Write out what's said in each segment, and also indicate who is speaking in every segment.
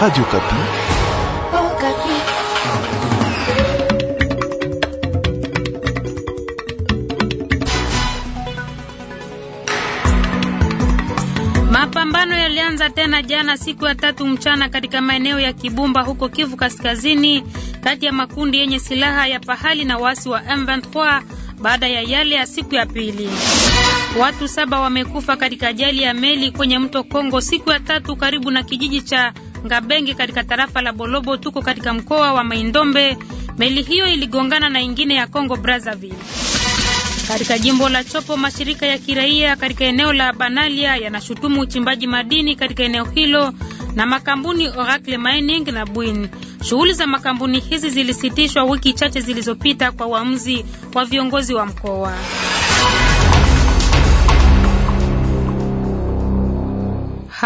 Speaker 1: Radio Kapi.
Speaker 2: Oh, Kapi.
Speaker 3: Mapambano yalianza tena jana siku ya tatu mchana katika maeneo ya Kibumba huko Kivu Kaskazini kati ya makundi yenye silaha ya pahali na waasi wa M23 baada ya yale ya siku ya pili. Watu saba wamekufa katika ajali ya meli kwenye mto Kongo siku ya tatu karibu na kijiji cha Ngabenge katika tarafa la Bolobo, tuko katika mkoa wa Maindombe. Meli hiyo iligongana na ingine ya Kongo Brazzaville. Katika jimbo la Chopo, mashirika ya kiraia katika eneo la Banalia yanashutumu uchimbaji madini katika eneo hilo na makampuni Oracle Mining na Bwin. Shughuli za makampuni hizi zilisitishwa wiki chache zilizopita kwa uamuzi wa viongozi wa mkoa.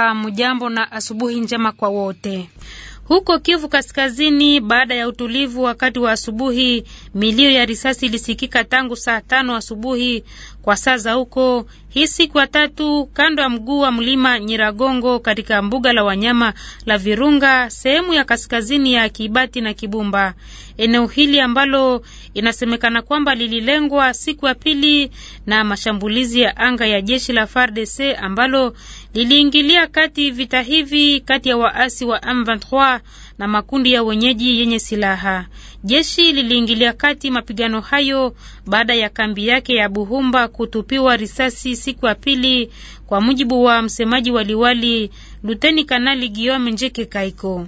Speaker 3: Hamujambo na asubuhi njema kwa wote. Huko Kivu Kaskazini, baada ya utulivu wakati wa asubuhi, milio ya risasi ilisikika tangu saa tano asubuhi kwa saa za huko hii siku ya tatu, kando ya mguu wa mlima Nyiragongo katika mbuga la wanyama la Virunga, sehemu ya kaskazini ya Kibati na Kibumba. Eneo hili ambalo inasemekana kwamba lililengwa siku ya pili na mashambulizi ya anga ya jeshi la FARDC ambalo liliingilia kati vita hivi kati ya waasi wa M23 na makundi ya wenyeji yenye silaha. Jeshi liliingilia kati mapigano hayo baada ya kambi yake ya Buhumba kutupiwa risasi siku ya pili, kwa mujibu wa msemaji wa liwali Luteni Kanali Giome Njike Kaiko.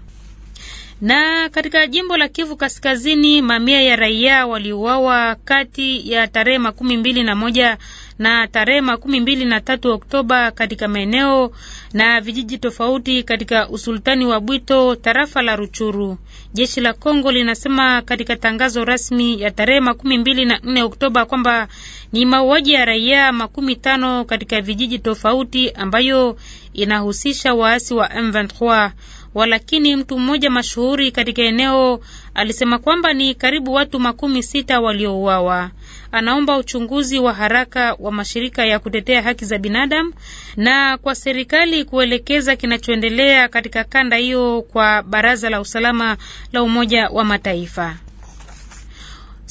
Speaker 3: Na katika jimbo la Kivu Kaskazini, mamia ya raia waliuawa kati ya tarehe makumi mbili na moja na tarehe makumi mbili na tatu Oktoba katika maeneo na vijiji tofauti katika usultani wa Bwito, tarafa la Ruchuru. Jeshi la Kongo linasema katika tangazo rasmi ya tarehe makumi mbili na nne Oktoba kwamba ni mauaji ya raia makumi tano katika vijiji tofauti ambayo inahusisha waasi wa M23. Walakini mtu mmoja mashuhuri katika eneo alisema kwamba ni karibu watu makumi sita waliouawa anaomba uchunguzi wa haraka wa mashirika ya kutetea haki za binadamu na kwa serikali kuelekeza kinachoendelea katika kanda hiyo kwa Baraza la Usalama la Umoja wa Mataifa.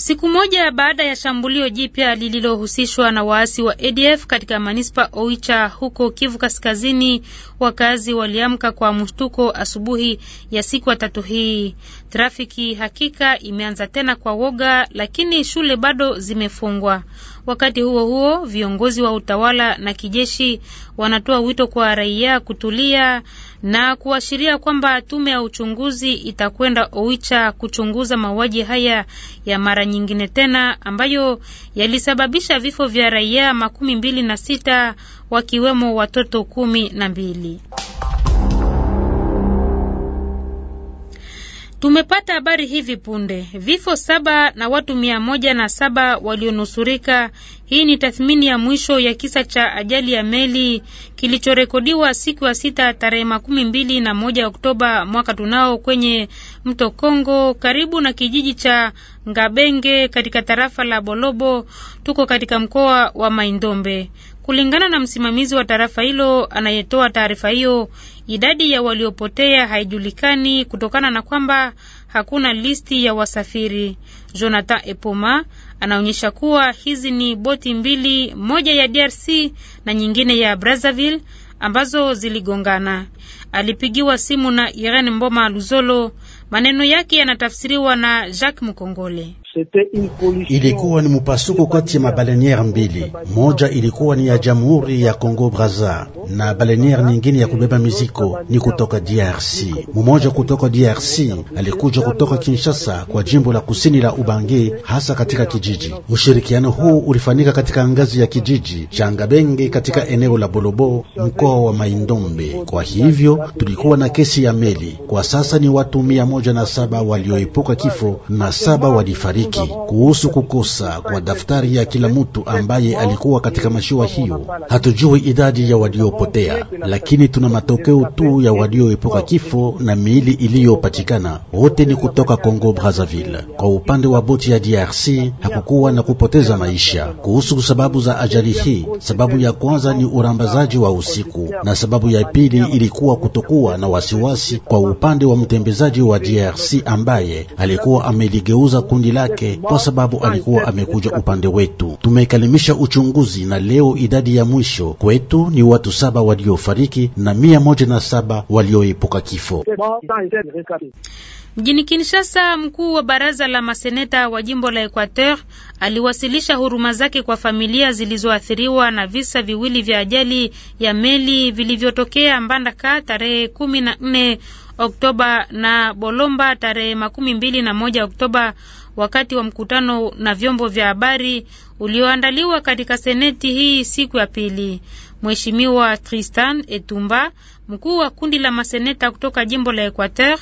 Speaker 3: Siku moja baada ya shambulio jipya lililohusishwa na waasi wa ADF katika manispa Oicha huko Kivu Kaskazini, wakazi waliamka kwa mshtuko asubuhi ya siku ya tatu hii. Trafiki hakika imeanza tena kwa woga, lakini shule bado zimefungwa. Wakati huo huo, viongozi wa utawala na kijeshi wanatoa wito kwa raia kutulia na kuashiria kwamba tume ya uchunguzi itakwenda Oicha kuchunguza mauaji haya ya mara nyingine tena ambayo yalisababisha vifo vya raia makumi mbili na sita wakiwemo watoto kumi na mbili. Tumepata habari hivi punde vifo saba na watu mia moja na saba walionusurika. Hii ni tathmini ya mwisho ya kisa cha ajali ya meli kilichorekodiwa siku ya sita tarehe makumi mbili na moja Oktoba mwaka tunao kwenye mto Kongo karibu na kijiji cha Ngabenge katika tarafa la Bolobo. Tuko katika mkoa wa Maindombe. Kulingana na msimamizi wa tarafa hilo anayetoa taarifa hiyo, idadi ya waliopotea haijulikani kutokana na kwamba hakuna listi ya wasafiri. Jonathan Epoma anaonyesha kuwa hizi ni boti mbili, moja ya DRC na nyingine ya Brazzaville ambazo ziligongana. Alipigiwa simu na Irene Mboma Luzolo. Maneno yake yanatafsiriwa na Jacques Mkongole.
Speaker 1: Ilikuwa ni mupasuko kati ya mabaleniere mbili, moja ilikuwa ni ya Jamhuri ya congo Braza na baleniere nyingine ya kubeba miziko ni kutoka DRC. Mumoja kutoka DRC alikuja kutoka Kinshasa kwa jimbo la kusini la Ubangi, hasa katika kijiji. Ushirikiano huu ulifanyika katika ngazi ya kijiji cha Ngabenge katika eneo la Bolobo, mkoa wa Maindombe. Kwa hivyo tulikuwa na kesi ya meli. Kwa sasa ni watu mia moja na saba walioepuka kifo na saba walifariki hiki kuhusu kukosa kwa daftari ya kila mtu ambaye alikuwa katika mashua hiyo. Hatujui idadi ya waliopotea, lakini tuna matokeo tu ya walioepuka kifo na miili iliyopatikana. Wote ni kutoka Kongo Brazzaville. Kwa upande wa boti ya DRC hakukuwa na kupoteza maisha. Kuhusu sababu za ajali hii, sababu ya kwanza ni urambazaji wa usiku na sababu ya pili ilikuwa kutokuwa na wasiwasi kwa upande wa mtembezaji wa DRC ambaye alikuwa ameligeuza kundi lake yake kwa sababu alikuwa amekuja upande wetu. Tumekalimisha uchunguzi na leo idadi ya mwisho kwetu ni watu saba waliofariki na mia moja na saba walioepuka kifo.
Speaker 3: Mjini Kinshasa, mkuu wa baraza la maseneta wa jimbo la Equateur aliwasilisha huruma zake kwa familia zilizoathiriwa na visa viwili vya ajali ya meli vilivyotokea Mbandaka tarehe kumi na nne Oktoba na Bolomba tarehe makumi mbili na moja Oktoba wakati wa mkutano na vyombo vya habari ulioandaliwa katika seneti hii siku ya pili. Mheshimiwa Tristan Etumba, mkuu wa kundi la maseneta kutoka jimbo la Equateur,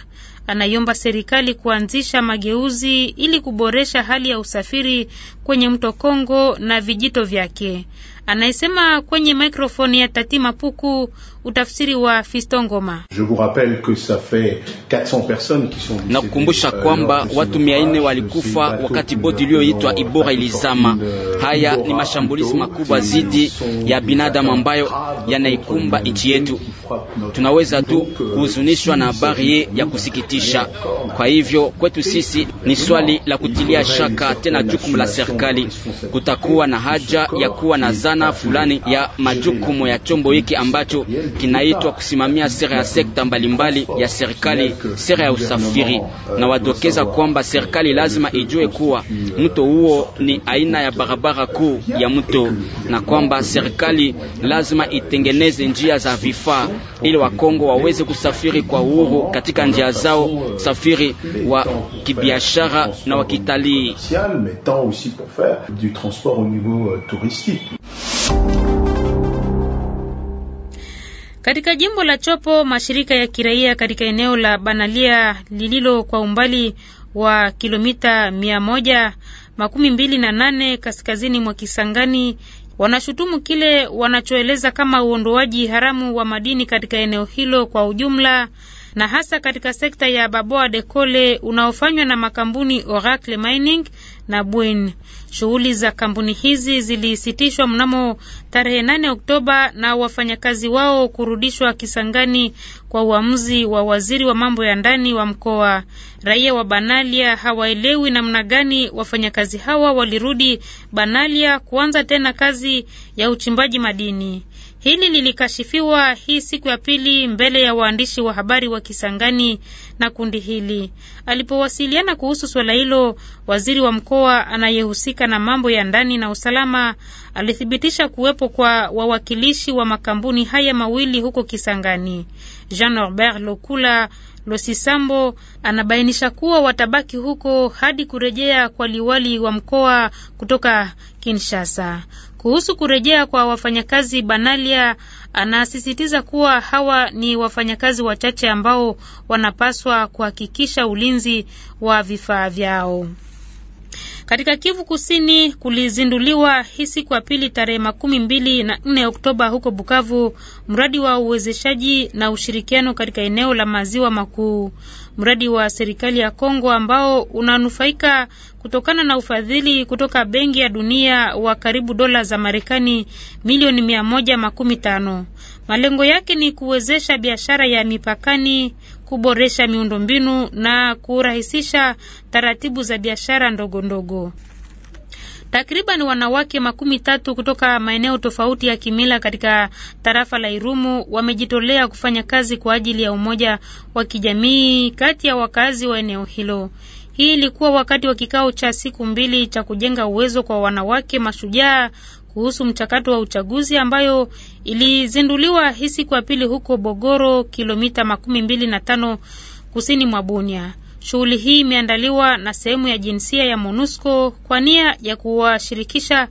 Speaker 3: Anaiomba serikali kuanzisha mageuzi ili kuboresha hali ya usafiri kwenye mto Kongo na vijito vyake. Anayesema kwenye mikrofoni ya Tati Mapuku, utafsiri wa Fistongoma.
Speaker 4: Na kukumbusha euh, kwamba watu mia nne walikufa wakati boti iliyoitwa Ibora ilizama. Euh, Haya ni mashambulizi makubwa zidi ya binadamu ambayo yanaikumba nchi yetu. Tunaweza tu kuhuzunishwa euh, na habari ya kusikitisha kuhusisha. Kwa hivyo kwetu sisi ni swali la kutilia shaka tena jukumu la serikali. Kutakuwa na haja ya kuwa na zana fulani ya majukumu ya chombo hiki ambacho kinaitwa kusimamia sera ya sekta mbalimbali ya serikali, sera ya usafiri, na wadokeza kwamba serikali lazima ijue kuwa mto huo ni aina ya barabara kuu ya mto, na kwamba serikali lazima itengeneze njia za vifaa ili Wakongo waweze kusafiri kwa uhuru katika njia zao usafiri euh, wa kibiashara na wa kitalii. Euh,
Speaker 3: katika jimbo la Chopo, mashirika ya kiraia katika eneo la Banalia lililo kwa umbali wa kilomita mia moja makumi mbili na nane kaskazini mwa Kisangani wanashutumu kile wanachoeleza kama uondoaji haramu wa madini katika eneo hilo kwa ujumla na hasa katika sekta ya Baboa de Kole unaofanywa na makampuni Oracle Mining na Bwin. Shughuli za kampuni hizi zilisitishwa mnamo tarehe 8 Oktoba na wafanyakazi wao kurudishwa Kisangani kwa uamuzi wa waziri wa mambo ya ndani wa mkoa. Raia wa Banalia hawaelewi namna gani wafanyakazi hawa walirudi Banalia kuanza tena kazi ya uchimbaji madini. Hili lilikashifiwa hii siku ya pili mbele ya waandishi wa habari wa Kisangani na kundi hili. Alipowasiliana kuhusu suala hilo, waziri wa mkoa anayehusika na mambo ya ndani na usalama alithibitisha kuwepo kwa wawakilishi wa makampuni haya mawili huko Kisangani. Jean Norbert Lokula Losisambo anabainisha kuwa watabaki huko hadi kurejea kwa liwali wa mkoa kutoka Kinshasa. Kuhusu kurejea kwa wafanyakazi, Banalia anasisitiza kuwa hawa ni wafanyakazi wachache ambao wanapaswa kuhakikisha ulinzi wa vifaa vyao. Katika Kivu Kusini kulizinduliwa hii siku ya pili tarehe makumi mbili na nne Oktoba huko Bukavu mradi wa uwezeshaji na ushirikiano katika eneo la maziwa makuu, mradi wa serikali ya Kongo ambao unanufaika kutokana na ufadhili kutoka Benki ya Dunia wa karibu dola za Marekani milioni mia moja makumi tano. Malengo yake ni kuwezesha biashara ya mipakani kuboresha miundombinu na kurahisisha taratibu za biashara ndogo ndogo. Takriban wanawake makumi tatu kutoka maeneo tofauti ya kimila katika tarafa la Irumu wamejitolea kufanya kazi kwa ajili ya umoja wa kijamii kati ya wakazi wa eneo hilo. Hii ilikuwa wakati wa kikao cha siku mbili cha kujenga uwezo kwa wanawake mashujaa kuhusu mchakato wa uchaguzi ambayo ilizinduliwa hii siku ya pili huko Bogoro, kilomita makumi mbili na tano kusini mwa Bunia. Shughuli hii imeandaliwa na sehemu ya jinsia ya MONUSCO kwa nia ya kuwashirikisha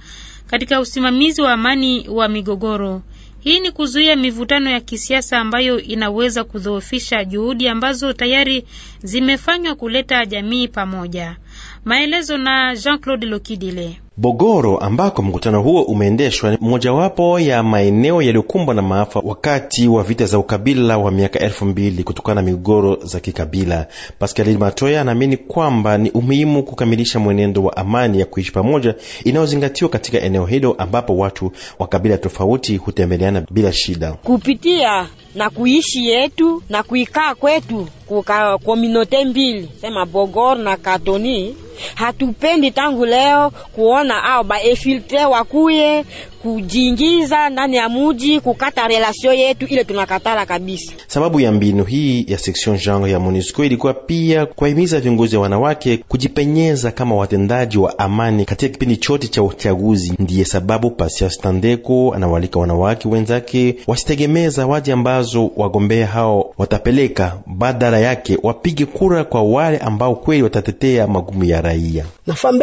Speaker 3: katika usimamizi wa amani wa migogoro. Hii ni kuzuia mivutano ya kisiasa ambayo inaweza kudhoofisha juhudi ambazo tayari zimefanywa kuleta jamii pamoja. Maelezo na Jean-Claude Lokidile.
Speaker 5: Bogoro ambako mkutano huo umeendeshwa ni mojawapo ya maeneo yaliyokumbwa na maafa wakati wa vita za ukabila wa miaka elfu mbili kutokana na migogoro za kikabila. Pascal Matoya anaamini kwamba ni umuhimu kukamilisha mwenendo wa amani ya kuishi pamoja inayozingatiwa katika eneo hilo ambapo watu wa kabila tofauti hutembeleana bila shida
Speaker 2: kupitia na kuishi yetu na kuikaa kwetu kwa kominote mbili sema Bogoro na Katoni. Hatupendi tangu leo kuona na ao efiltre wakuye kujiingiza ndani ya muji, kukata relasio yetu ile tunakatala kabisa.
Speaker 5: Sababu ya mbinu hii ya section genre ya MONUSCO ilikuwa pia kuwahimiza viongozi wa wanawake kujipenyeza kama watendaji wa amani katika kipindi chote cha uchaguzi. Ndiye sababu Pasias Tandeko anawalika wanawake wenzake wasitegemee zawadi ambazo wagombea hao watapeleka, badala yake wapige kura kwa wale ambao kweli watatetea magumu ya raia.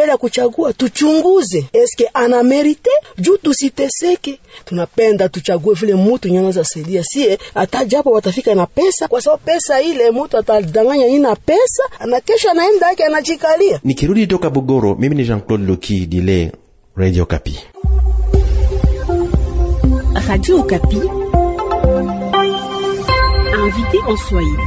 Speaker 2: ya kuchagua, tuchunguze eske ana merite juu tusi tuteseke. Tunapenda tuchague vile mutu nyana za saidia sie, hata japo watafika na pesa, kwa sababu pesa ile mutu atadanganya nina pesa na kesho anaenda yake anajikalia.
Speaker 5: Nikirudi toka Bogoro, mimi ni Jean Claude Loki Dile, Radio Kapi.
Speaker 2: Radio Kapi. Invité en Swahili.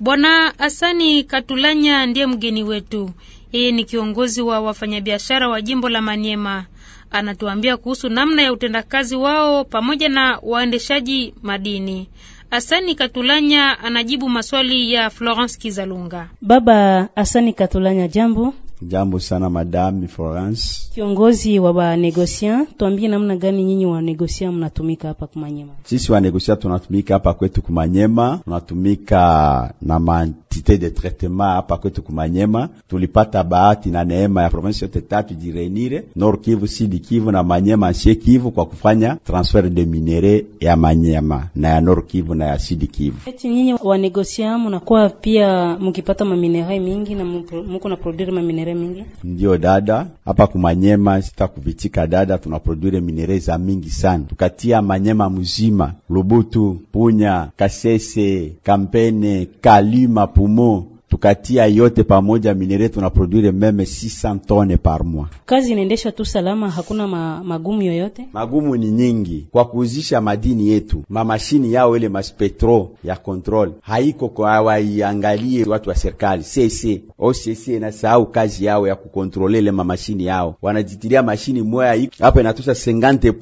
Speaker 3: Bwana Asani Katulanya ndiye mgeni wetu. Yeye ni kiongozi wa wafanyabiashara wa jimbo la Maniema anatuambia kuhusu namna ya utendakazi wao pamoja na waendeshaji madini. Asani Katulanya anajibu maswali ya Florence Kizalunga.
Speaker 2: Baba Asani Katulanya, jambo.
Speaker 4: Jambo sana Madame
Speaker 2: Florence, kiongozi wa ba negosia, tuambie namna gani nyinyi wa negosia mnatumika hapa Kumanyema?
Speaker 4: Sisi wa negosia tunatumika hapa kwetu Kumanyema, tunatumika na mantite de traitement hapa kwetu Kumanyema. Tulipata bahati na neema ya province yote tatu jirenire, Nord Kivu, Sud Kivu na Manyema Nsie Kivu, kwa kufanya transfer de minere ya Manyema na ya Nord Kivu na ya Sud Kivu.
Speaker 2: Eti nyinyi wa negosia mnakuwa pia mkipata maminere mingi na mko na produire maminerai minere mingi
Speaker 4: ndiyo dada hapa kumanyema sita kuvitika dada tunaproduire minere za mingi sana, tukatia manyema muzima Lubutu, Punya, Kasese, Kampene, Kalima, Pumo tukatia yote pamoja minere tunaproduire meme 600 tone par mois.
Speaker 2: Kazi inaendeshwa tu salama, hakuna ma, magumu yoyote. Magumu ni
Speaker 4: nyingi kwa kuuzisha madini yetu, mamashini yao ile maspetro ya control haiko kwa waiangalie watu wa serikali cc occ inasahau kazi yao ya kukontrole ile mamashini yao, wanajitilia mashini moya hapa inatosha 50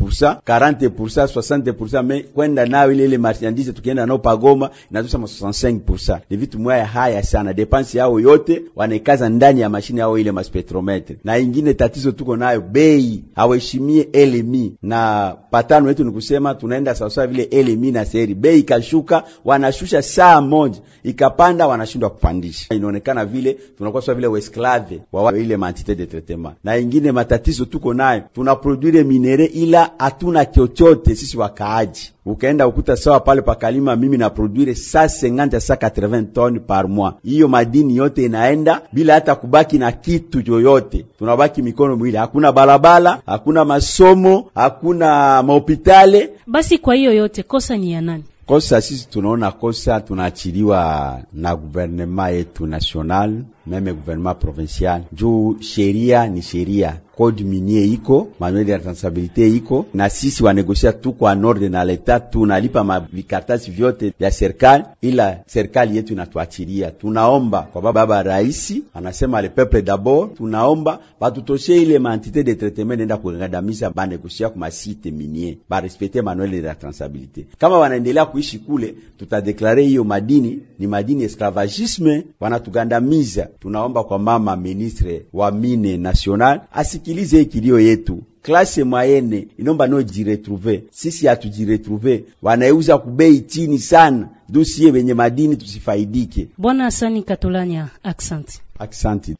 Speaker 4: 40 60 me kwenda nao ile ile marchandise tukienda nao pagoma inatosha ma 65 Ni vitu moya haya sana madepansi yao yote wanaikaza ndani ya mashine yao ile maspektrometre. Na ingine tatizo tuko nayo, bei aweshimie elemi na patano yetu, ni kusema tunaenda sawasawa vile elemi na seri. Bei ikashuka wanashusha saa moja, ikapanda wanashindwa kupandisha. Inaonekana vile tunakuwa sawa vile wesklave wa ile matite de traitement. Na ingine matatizo tuko nayo, tunaproduire minere ila hatuna chochote sisi wakaaji ukaenda ukuta sawa pale pakalima, mimi na produire 150 à 180 tonnes par mois. Hiyo madini yote inaenda bila hata kubaki na kitu choyote, tunabaki mikono miwili, hakuna barabara, hakuna masomo, hakuna mahopitale.
Speaker 2: Basi kwa hiyo yote kosa ni ya nani?
Speaker 4: Kosa sisi tunaona kosa tunaachiliwa na guvernema yetu national meme gouvernement provincial juu sheria ni sheria, code minier iko, manuel de responsabilité iko, na sisi wanegosia tu kwa norde na leta tunalipa mavikartasi vyote vya serikali, ila serikali yetu inatuachilia. Tunaomba kwa baba baba raisi anasema le peuple d'abord, tunaomba batutoshe ile maentité de traitement nenda kugandamiza banegosia kwa site minier, respecte manuel de responsabilité. Kama wanaendelea kuishi kule, tutadeklare hiyo madini ni madini esclavagisme, wanatugandamiza Tunaomba kwa mama ministre wa mine national asikilize kilio yetu. Klase mwayene inomba no jiretruve, sisi hatujiretrouve, wanaeuza kubei chini sana, dusie wenye madini tusifaidike.
Speaker 2: Bwana Asani Katulanya, aksanti, aksanti.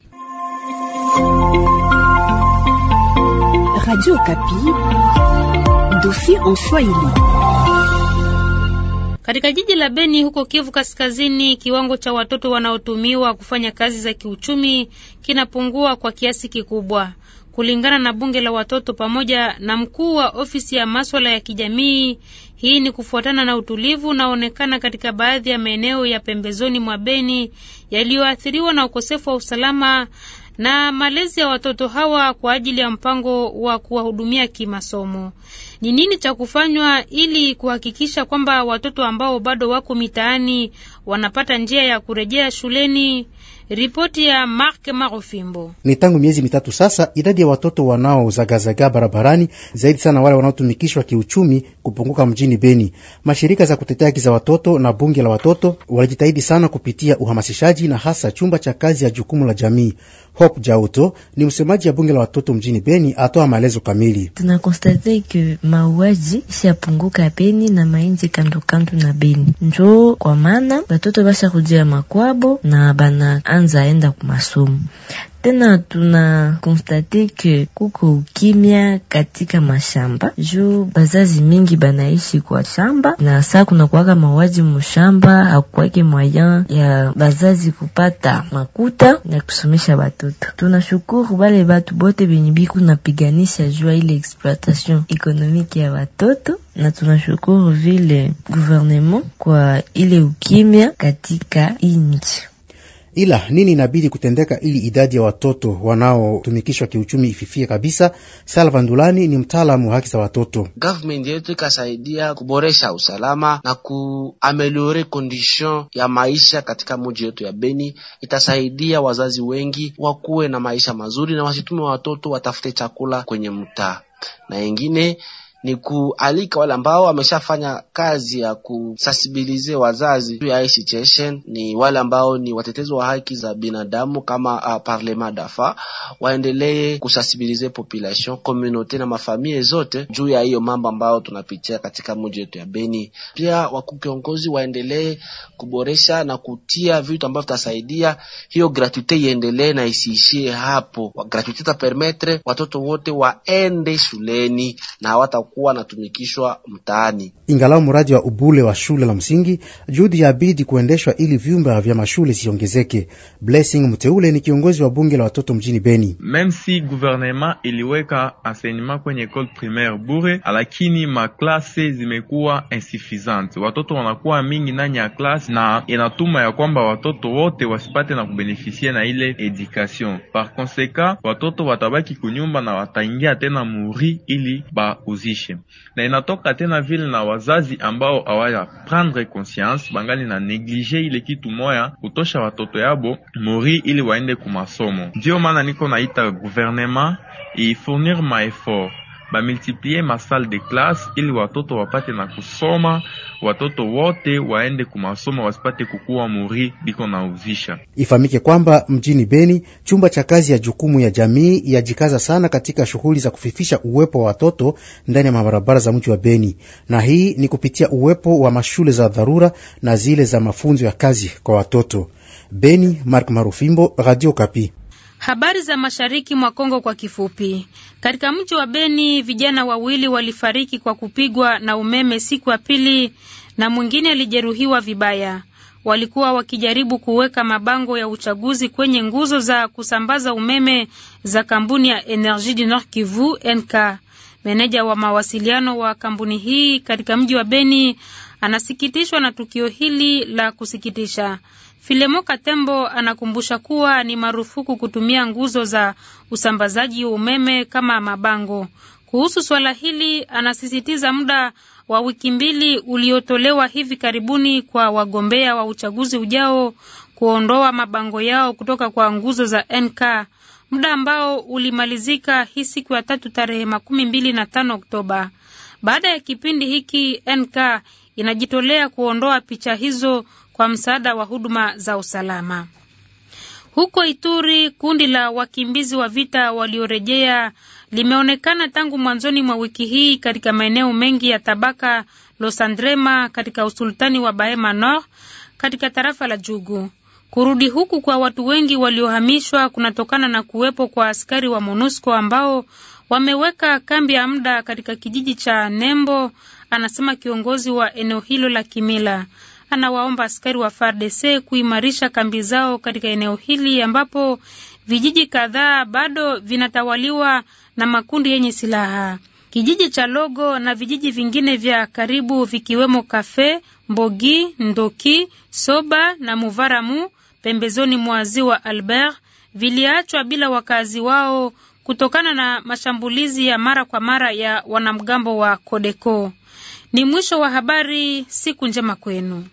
Speaker 2: Radio Kapi, dossier en Swahili.
Speaker 3: Katika jiji la Beni huko Kivu Kaskazini, kiwango cha watoto wanaotumiwa kufanya kazi za kiuchumi kinapungua kwa kiasi kikubwa, kulingana na bunge la watoto pamoja na mkuu wa ofisi ya maswala ya kijamii. Hii ni kufuatana na utulivu unaoonekana katika baadhi ya maeneo ya pembezoni mwa Beni yaliyoathiriwa na ukosefu wa usalama na malezi ya watoto hawa kwa ajili ya mpango wa kuwahudumia kimasomo. Ni nini cha kufanywa ili kuhakikisha kwamba watoto ambao bado wako mitaani wanapata njia ya kurejea shuleni? Ripoti ya Mark Marofimbo.
Speaker 6: Ni tangu miezi mitatu sasa, idadi ya watoto wanaozagazaga barabarani, zaidi sana wale wanaotumikishwa kiuchumi, kupunguka mjini Beni. Mashirika za kutetea haki za watoto na bunge la watoto walijitahidi sana kupitia uhamasishaji na hasa chumba cha kazi ya jukumu la jamii. Hope Jauto ni msemaji ya bunge la watoto mjini Beni, atoa maelezo kamili.
Speaker 2: tunakonstate ke mauaji ishapunguka Beni na mainji kandokando na Beni, njoo kwa maana watoto basha kujia makwabo na bana kwanza aenda kumasomo tena tuna konstate ke kuko ukimya katika mashamba juu bazazi mingi banaishi kwa shamba, na saa kunakuwaka mawaji mushamba, hakukwake moyen ya bazazi kupata makuta na kusomesha batoto. Tunashukuru bale batu bote benye biku napiganisha jua ile exploitation ekonomiki ya batoto, na tunashukuru vile gouvernement kwa ile ukimya katika inchi.
Speaker 6: Ila nini inabidi kutendeka ili idadi ya watoto wanaotumikishwa kiuchumi ififie kabisa? Salva Ndulani ni mtaalamu wa haki za watoto.
Speaker 2: Government
Speaker 1: yetu ikasaidia kuboresha usalama na kuameliore condition ya maisha katika muji yetu ya Beni, itasaidia wazazi wengi wakuwe na maisha mazuri na wasitume watoto watafute chakula kwenye mtaa na ingine ni kualika wale ambao wameshafanya kazi ya kusasibilize wazazi juu ya hii situation, ni wale ambao ni watetezi wa haki za binadamu kama uh, Parlement Dafa waendelee kusasibilize population community na mafamilie zote juu ya hiyo mambo ambayo tunapitia katika mji wetu ya Beni. Pia wakuu kiongozi waendelee kuboresha na kutia vitu ambavyo vitasaidia hiyo gratuite iendelee na isiishie hapo. Gratuite itapermetre watoto wote waende shuleni na hawata kuwa anatumikishwa mtaani.
Speaker 6: Ingalau mradi wa ubule wa shule la msingi, juhudi bidi kuendeshwa ili vyumba vya mashule siongezeke. Blessing Mteule ni kiongozi wa bunge la watoto mjini Beni.
Speaker 5: Meme si guvernema iliweka ensenyema kwenye ecole primaire bure, lakini maklase zimekuwa insufisante, watoto wanakuwa mingi ndani ya klase, na inatuma ya kwamba watoto wote wasipate na kubenefisie na ile education. Par konseka watoto watabaki kunyumba na wataingia tena muri ili bauzishe kuishi na inatoka tena vile na wazazi ambao awaya prendre conscience bangali na neglige ile kitu moya kutosha watoto yabo mori ili waende kumasomo. Ndio maana niko naita gouvernement ifournir effort bamultiplie masale de classe ili watoto wapate na kusoma, watoto wote waende kumasoma wasipate kukuwa muri biko na uvisha.
Speaker 6: Ifahamike kwamba mjini Beni chumba cha kazi ya jukumu ya jamii yajikaza sana katika shughuli za kufifisha uwepo wa watoto ndani ya mabarabara za mji wa Beni, na hii ni kupitia uwepo wa mashule za dharura na zile za mafunzo ya kazi kwa watoto. Beni, Mark Marufimbo, Radio Kapi.
Speaker 3: Habari za mashariki mwa Kongo kwa kifupi. Katika mji wa Beni, vijana wawili walifariki kwa kupigwa na umeme siku ya pili na mwingine alijeruhiwa vibaya. Walikuwa wakijaribu kuweka mabango ya uchaguzi kwenye nguzo za kusambaza umeme za kampuni ya Energie du Nord Kivu NK. Meneja wa mawasiliano wa kampuni hii katika mji wa Beni anasikitishwa na tukio hili la kusikitisha. Filemo Katembo anakumbusha kuwa ni marufuku kutumia nguzo za usambazaji umeme kama mabango. Kuhusu swala hili, anasisitiza muda wa wiki mbili uliotolewa hivi karibuni kwa wagombea wa uchaguzi ujao kuondoa mabango yao kutoka kwa nguzo za NK, muda ambao ulimalizika hii siku ya tatu tarehe makumi mbili na tano Oktoba. Baada ya kipindi hiki, NK inajitolea kuondoa picha hizo kwa msaada wa huduma za usalama. Huko Ituri, kundi la wakimbizi wa vita waliorejea limeonekana tangu mwanzoni mwa wiki hii katika maeneo mengi ya tabaka Losandrema katika usultani wa Bahema Nord katika tarafa la Jugu. Kurudi huku kwa watu wengi waliohamishwa kunatokana na kuwepo kwa askari wa MONUSCO ambao wameweka kambi ya muda katika kijiji cha Nembo, anasema kiongozi wa eneo hilo la kimila anawaomba askari wa FARDC kuimarisha kambi zao katika eneo hili ambapo vijiji kadhaa bado vinatawaliwa na makundi yenye silaha. Kijiji cha Logo na vijiji vingine vya karibu vikiwemo Kafe, Mbogi, Ndoki, Soba na Muvaramu pembezoni mwa ziwa Albert viliachwa bila wakazi wao kutokana na mashambulizi ya mara kwa mara ya wanamgambo wa Kodeko. Ni mwisho wa habari. Siku njema kwenu.